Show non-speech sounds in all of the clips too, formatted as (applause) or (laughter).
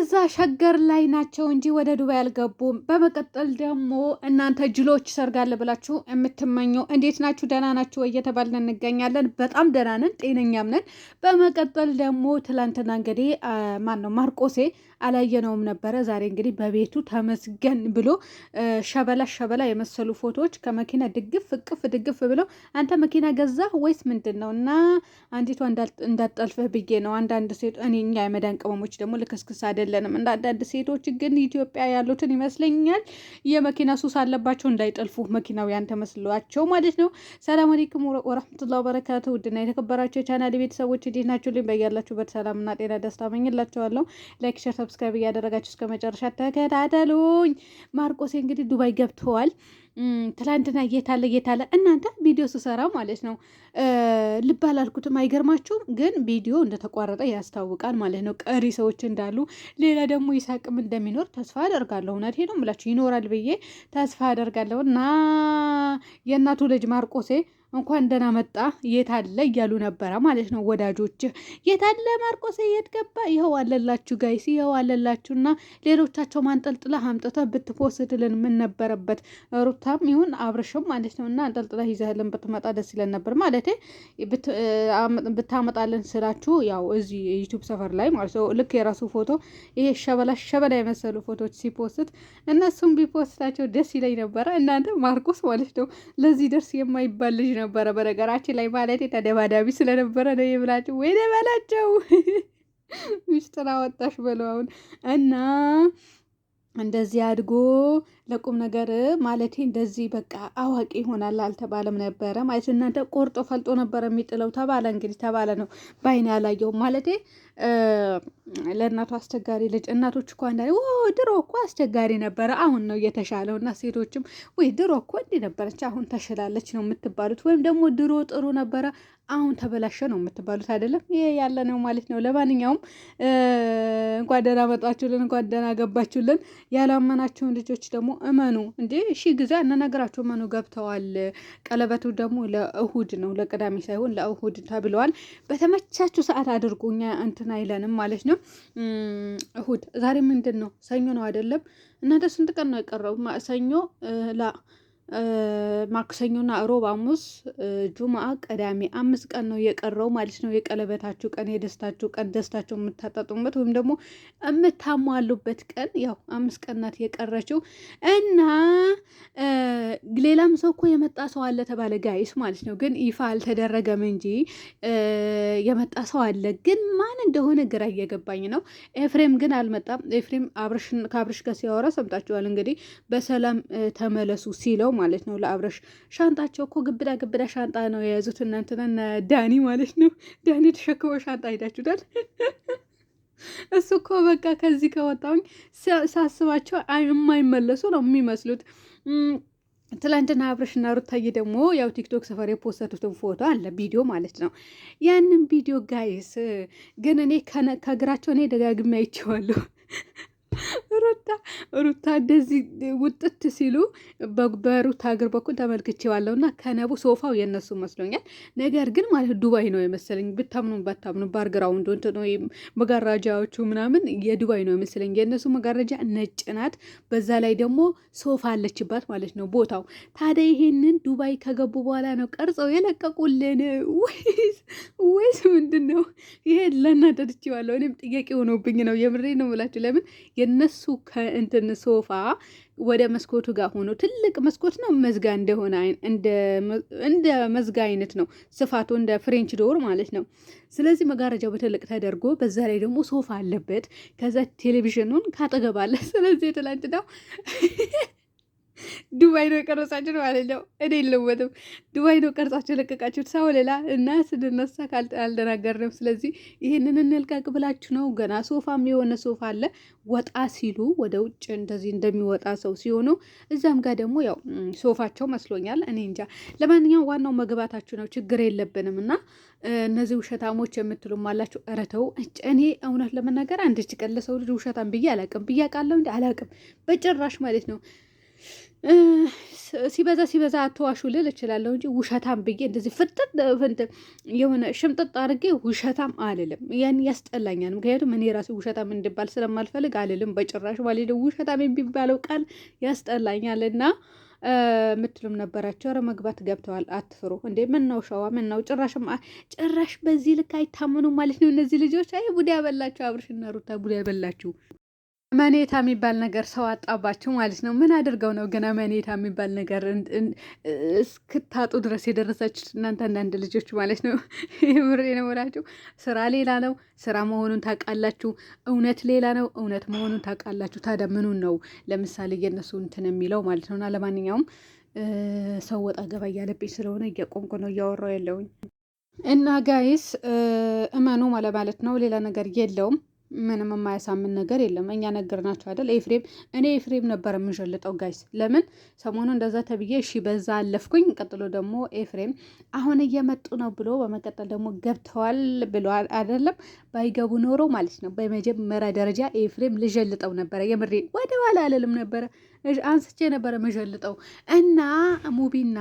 እዛ ሸገር ላይ ናቸው እንጂ ወደ ዱባይ አልገቡም። በመቀጠል ደግሞ እናንተ ጅሎች ሰርጋለ ብላችሁ የምትመኘው እንዴት ናችሁ? ደህና ናችሁ ወይ እየተባልን እንገኛለን። በጣም ደህና ነን፣ ጤነኛም ነን። በመቀጠል ደግሞ ትላንትና እንግዲህ ማን ነው ማርቆሴ አላየነውም ነበረ። ዛሬ እንግዲህ በቤቱ ተመስገን ብሎ ሸበላ ሸበላ የመሰሉ ፎቶዎች ከመኪና ድግፍ እቅፍ ድግፍ ብሎ አንተ መኪና ገዛህ ወይስ ምንድን ነው? እና አንዲቷ እንዳጠልፍህ ብዬ ነው አንዳንድ ሴት እኔኛ የመዳን ቅመሞች ደግሞ ልክስክስ አይደል አይደለንም። እንደ አንዳንድ ሴቶች ግን ኢትዮጵያ ያሉትን ይመስለኛል የመኪና ሱስ አለባቸው እንዳይጠልፉ መኪናው ያን ተመስሏቸው ማለት ነው። ሰላም አሌይኩም ወረህመቱላ በረካቱ ውድና የተከበራቸው የቻናል ቤተሰቦች እንዴት ናችሁ? ልኝ በያላችሁበት ሰላምና ጤና ደስታ መኝላቸዋለሁ። ላይክ፣ ሸር፣ ሰብስክራይብ እያደረጋችሁ እስከ መጨረሻ ተከታተሉኝ። ማርቆሴ እንግዲህ ዱባይ ገብተዋል። ትላንትና እየታለ እየታለ እናንተ ቪዲዮ ስሰራ ማለት ነው ልብ አላልኩትም። አይገርማችሁም? ግን ቪዲዮ እንደተቋረጠ ያስታውቃል ማለት ነው። ቀሪ ሰዎች እንዳሉ ሌላ ደግሞ ይሳቅም እንደሚኖር ተስፋ አደርጋለሁ። እውነት ነው የምላችሁ ይኖራል ብዬ ተስፋ አደርጋለሁ እና የእናቱ ልጅ ማርቆሴ እንኳን ደህና መጣ የታለ እያሉ ነበረ ማለት ነው የት አለ ማርቆስ የት ገባ? ይኸው አለላችሁ ጋይስ፣ ይኸው አለላችሁና ሌሎቻቸው ማንጠልጥለህ አምጥተ ብትፖስትልን ምን ነበረበት? ሩታም ይሁን አብርሽም ማለት ነው እና አንጠልጥለህ ይዘህልን ብትመጣ ደስ ይለን ነበር ማለት ብታመጣልን ስላችሁ ያው እዚህ ዩቱብ ሰፈር ላይ ማለት ነው ልክ የራሱ ፎቶ ይሄ ሸበላ ሸበላ የመሰሉ ፎቶዎች ሲፖስት እነሱም ቢፖስታቸው ደስ ይለኝ ነበረ። እናንተ ማርቆስ ማለት ነው ለዚህ ደርስ የማይባል ልጅ ነበረ። በነገራችን ላይ ማለት ተደባዳቢ ስለነበረ ነው የምላቸው። ወይ በላቸው (laughs) ሚስጥር አወጣሽ በለው አሁን እና እንደዚህ አድጎ ለቁም ነገር ማለት እንደዚህ በቃ አዋቂ ይሆናል አልተባለም ነበረ ማለት እናንተ ቆርጦ ፈልጦ ነበረ የሚጥለው ተባለ። እንግዲህ ተባለ ነው ባይን ያላየው ማለቴ ለእናቱ አስቸጋሪ ልጅ እናቶች እኮ አንዳንዴ ድሮ እኮ አስቸጋሪ ነበረ፣ አሁን ነው የተሻለው። እና ሴቶችም ወይ ድሮ እኮ እንዲህ ነበረች፣ አሁን ተሽላለች ነው የምትባሉት። ወይም ደግሞ ድሮ ጥሩ ነበረ፣ አሁን ተበላሸ ነው የምትባሉት። አይደለም ይሄ ያለ ነው ማለት ነው። ለማንኛውም እንኳን ደህና መጣችሁልን፣ እንኳን ደህና ገባችሁልን። ያላመናችሁን ልጆች ደግሞ እመኑ እንዴ፣ ሺ ጊዜ አነነግራችሁ እመኑ። ገብተዋል። ቀለበቱ ደግሞ ለእሁድ ነው ለቅዳሜ ሳይሆን ለእሁድ ተብለዋል። በተመቻችሁ ሰዓት አድርጉ እንትን አይለንም ማለት ነው። እሁድ ዛሬ ምንድን ነው? ሰኞ ነው አይደለም? እና ደስ ስንት ቀን ነው የቀረው? ሰኞ ላ ማክሰኞና ሮብ፣ ሐሙስ፣ ጁምአ፣ ቅዳሜ አምስት ቀን ነው የቀረው ማለት ነው። የቀለበታችሁ ቀን፣ የደስታችሁ ቀን፣ ደስታችሁ የምታጣጡበት ወይም ደግሞ የምታሟሉበት ቀን ያው አምስት ቀን ናት የቀረችው እና ሌላም ሰው እኮ የመጣ ሰው አለ ተባለ ጋይስ ማለት ነው። ግን ይፋ አልተደረገም እንጂ የመጣ ሰው አለ። ግን ማን እንደሆነ ግራ እየገባኝ ነው። ኤፍሬም ግን አልመጣም። ኤፍሬም ከአብርሽ ጋር ሲያወራ ሰምጣችኋል። እንግዲህ በሰላም ተመለሱ ሲለው ማለት ነው ለአብረሽ። ሻንጣቸው እኮ ግብዳ ግብዳ ሻንጣ ነው የያዙት እናንትና ዳኒ ማለት ነው። ዳኒ ተሸክሞ ሻንጣ ሄዳችሁታል። እሱ እኮ በቃ ከዚህ ከወጣሁኝ ሳስባቸው የማይመለሱ ነው የሚመስሉት። ትላንትና አብረሽና ሩታዬ ደግሞ ያው ቲክቶክ ሰፈር የፖስተቱትን ፎቶ አለ ቪዲዮ ማለት ነው። ያንን ቪዲዮ ጋይስ ግን እኔ ከእግራቸው እኔ ደጋግሜ አይቼዋለሁ። ሩታ ሩታ እንደዚህ ውጥት ሲሉ በሩታ እግር በኩል ተመልክቼዋለሁ እና ከነቡ ሶፋው የነሱ መስሎኛል። ነገር ግን ማለት ዱባይ ነው የመሰለኝ ብታምኑ ባታምኑ ባርግራውንድ እንትን ነው መጋረጃዎቹ ምናምን የዱባይ ነው የመሰለኝ። የእነሱ መጋረጃ ነጭ ናት። በዛ ላይ ደግሞ ሶፋ አለችባት ማለት ነው ቦታው። ታዲያ ይሄንን ዱባይ ከገቡ በኋላ ነው ቀርጸው የለቀቁልን ወይስ ወይስ ምንድን ነው ይሄ? ለእናንተ ትቼዋለሁ። እኔም ጥያቄ ሆኖብኝ ነው የምሬ ነው ብላችሁ ለምን የነሱ ከእንትን ሶፋ ወደ መስኮቱ ጋር ሆኖ ትልቅ መስኮት ነው መዝጋ እንደሆነ እንደ መዝጋ አይነት ነው ስፋቱ እንደ ፍሬንች ዶር ማለት ነው። ስለዚህ መጋረጃው በትልቅ ተደርጎ በዛ ላይ ደግሞ ሶፋ አለበት። ከዛ ቴሌቪዥኑን ካጠገባለ ስለዚህ ትላንት ነው ዱባይ ነው የቀረጻችሁት ማለት ነው። እኔ የለወጥም። ዱባይ ነው ቀርጻችሁ የለቀቃችሁት ሰው ሌላ እና ስንነሳ አልተናገርንም። ስለዚህ ይህንን እንልቀቅ ብላችሁ ነው። ገና ሶፋም የሆነ ሶፋ አለ። ወጣ ሲሉ ወደ ውጭ እንደዚህ እንደሚወጣ ሰው ሲሆኑ እዛም ጋር ደግሞ ያው ሶፋቸው መስሎኛል። እኔ እንጃ። ለማንኛውም ዋናው መግባታችሁ ነው። ችግር የለብንም እና እነዚህ ውሸታሞች የምትሉም አላችሁ። ኧረ ተው። እኔ እውነት ለመናገር አንድ ቀን ለሰው ልጅ ውሸታም ብዬ አላቅም ብዬ ቃለው እንዲ አላቅም በጭራሽ ማለት ነው። ሲበዛ ሲበዛ አትዋሹ ልል እችላለሁ እንጂ ውሸታም ብዬ እንደዚህ ፍጥጥ የሆነ ሽምጥጥ አድርጌ ውሸታም አልልም። ያን ያስጠላኛል። ምክንያቱም እኔ ራሴ ውሸታም እንድባል ስለማልፈልግ አልልም በጭራሽ ባልል ውሸታም የሚባለው ቃል ያስጠላኛል እና ምትሉም ነበራቸው። ኧረ መግባት ገብተዋል፣ አትፍሩ እንዴ! ምነው ሸዋ፣ ምነው ጭራሽ ጭራሽ በዚህ ልክ አይታመኑ ማለት ነው እነዚህ ልጆች። አይ ቡዳ ያበላቸው አብርሽና ሩታ ቡዳ ያበላችሁ። መኔታ የሚባል ነገር ሰው አጣባችሁ ማለት ነው። ምን አድርገው ነው ግን መኔታ የሚባል ነገር እስክታጡ ድረስ የደረሰች እናንተ አንዳንድ ልጆች ማለት ነው። (laughs) ምሬ ነው ስራ ሌላ ነው፣ ስራ መሆኑን ታውቃላችሁ። እውነት ሌላ ነው፣ እውነት መሆኑን ታውቃላችሁ። ታዲያ ምኑን ነው ለምሳሌ እየነሱ እንትን የሚለው ማለት ነውና፣ ለማንኛውም ሰው ወጣ ገባ እያለብኝ ስለሆነ እያቆምኩ ነው እያወራው ያለውኝ እና ጋይስ እመኑ ማለት ነው። ሌላ ነገር የለውም። ምንም የማያሳምን ነገር የለም። እኛ ነገርናቸው አይደል? ኤፍሬም እኔ ኤፍሬም ነበር የምንሸልጠው ጋይስ። ለምን ሰሞኑ እንደዛ ተብዬ እሺ፣ በዛ አለፍኩኝ። ቀጥሎ ደግሞ ኤፍሬም አሁን እየመጡ ነው ብሎ በመቀጠል ደግሞ ገብተዋል ብሎ አይደለም። ባይገቡ ኖሮ ማለት ነው በመጀመሪያ ደረጃ ኤፍሬም ልሸልጠው ነበረ። የምሬ ወደኋላ አለልም ነበረ፣ አንስቼ ነበረ ምሸልጠው እና ሙቢና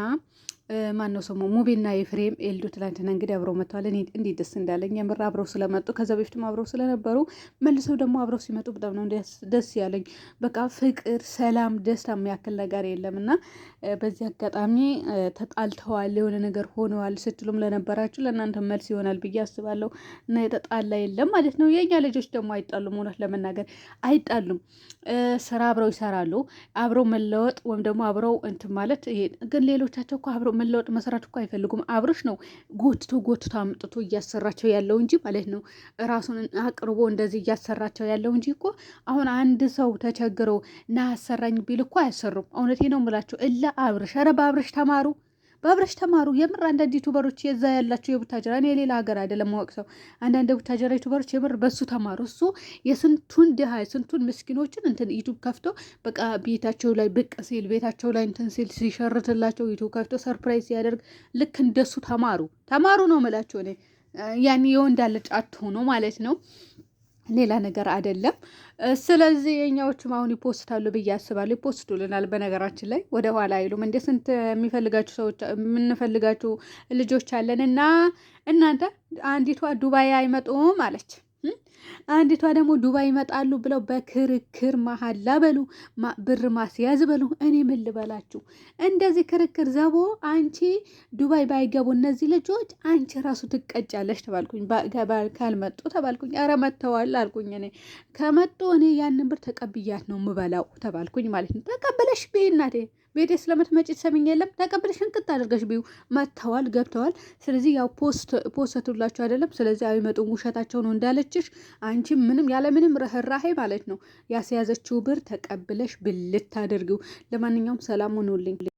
ማነው ነው ሰሞኑን ሙቤና ኤፍሬም ኤልዱ ትላንትና እንግዲህ አብረው መጥተዋል። እኔ እንዴት ደስ እንዳለኝ የምር አብረው ስለመጡ ከዛ በፊትም አብረው ስለነበሩ መልሰው ደግሞ አብረው ሲመጡ በጣም ነው ደስ ያለኝ። በቃ ፍቅር፣ ሰላም፣ ደስታ የሚያክል ነገር የለም እና በዚህ አጋጣሚ ተጣልተዋል የሆነ ነገር ሆነዋል ስትሉም ለነበራችሁ ለእናንተ መልስ ይሆናል ብዬ አስባለሁ እና የተጣላ የለም ማለት ነው። የእኛ ልጆች ደግሞ አይጣሉም፣ እውነት ለመናገር አይጣሉም። ስራ አብረው ይሰራሉ። አብረው መለወጥ ወይም ደግሞ አብረው እንትን ማለት ግን ሌሎቻቸው እኮ አብረው መለወጥ መስራት እኮ አይፈልጉም። አብርሽ ነው ጎትቶ ጎትቶ አምጥቶ እያሰራቸው ያለው እንጂ ማለት ነው ራሱን አቅርቦ እንደዚህ እያሰራቸው ያለው እንጂ እኮ አሁን አንድ ሰው ተቸግረው ና አሰራኝ ቢል እኮ አያሰሩም። እውነቴ ነው ምላቸው እላ አብርሽ ኧረ በአብርሽ ተማሩ። በአብረሽ ተማሩ። የምር አንዳንድ ዩቱበሮች የዛ ያላቸው የቡታጀራ እኔ የሌላ ሀገር አይደለም ማወቅ ሰው አንዳንድ የቡታጀራ ዩቱበሮች የምር በሱ ተማሩ። እሱ የስንቱን ድሃ የስንቱን ምስኪኖችን እንትን ዩቱብ ከፍቶ በቃ ቤታቸው ላይ ብቅ ሲል ቤታቸው ላይ እንትን ሲል ሲሸርትላቸው ዩቱብ ከፍቶ ሰርፕራይዝ ሲያደርግ ልክ እንደሱ ተማሩ። ተማሩ ነው የምላቸው እኔ ያኔ የወንድ አለጫት ሆኖ ማለት ነው። ሌላ ነገር አይደለም። ስለዚህ የኛዎቹም አሁን ይፖስታሉ ብዬ አስባለሁ። ይፖስቱልናል። በነገራችን ላይ ወደ ኋላ አይሉም። እንደ ስንት የሚፈልጋችሁ ሰዎች የምንፈልጋችሁ ልጆች አለን እና እናንተ አንዲቷ ዱባይ አይመጡም አለች። አንዲቷ ደግሞ ዱባይ ይመጣሉ ብለው በክርክር መሀል ላበሉ ብር ማስያዝ በሉ። እኔ ምን ልበላችሁ፣ እንደዚህ ክርክር ዘቦ አንቺ ዱባይ ባይገቡ እነዚህ ልጆች አንቺ ራሱ ትቀጫለሽ ተባልኩኝ። ካልመጡ ተባልኩኝ። ኧረ መጥተዋል አልኩኝ። እኔ ከመጡ እኔ ያንን ብር ተቀብያት ነው ምበላው ተባልኩኝ ማለት ነው። ተቀበለሽ እናቴ ቤቴ ስለምትመጪ ትሰሚኝ የለም ተቀብለሽ እንቅጥ አድርገሽ ቢዩ መጥተዋል፣ ገብተዋል። ስለዚህ ያው ፖስት ፖስተቱላቸው አይደለም። ስለዚህ አይመጡም፣ ውሸታቸው ነው እንዳለችሽ አንቺ ምንም ያለ ምንም ርህራሄ ማለት ነው ያስያዘችው ብር ተቀብለሽ ብልት አድርጊው። ለማንኛውም ሰላም ሆኖልኝ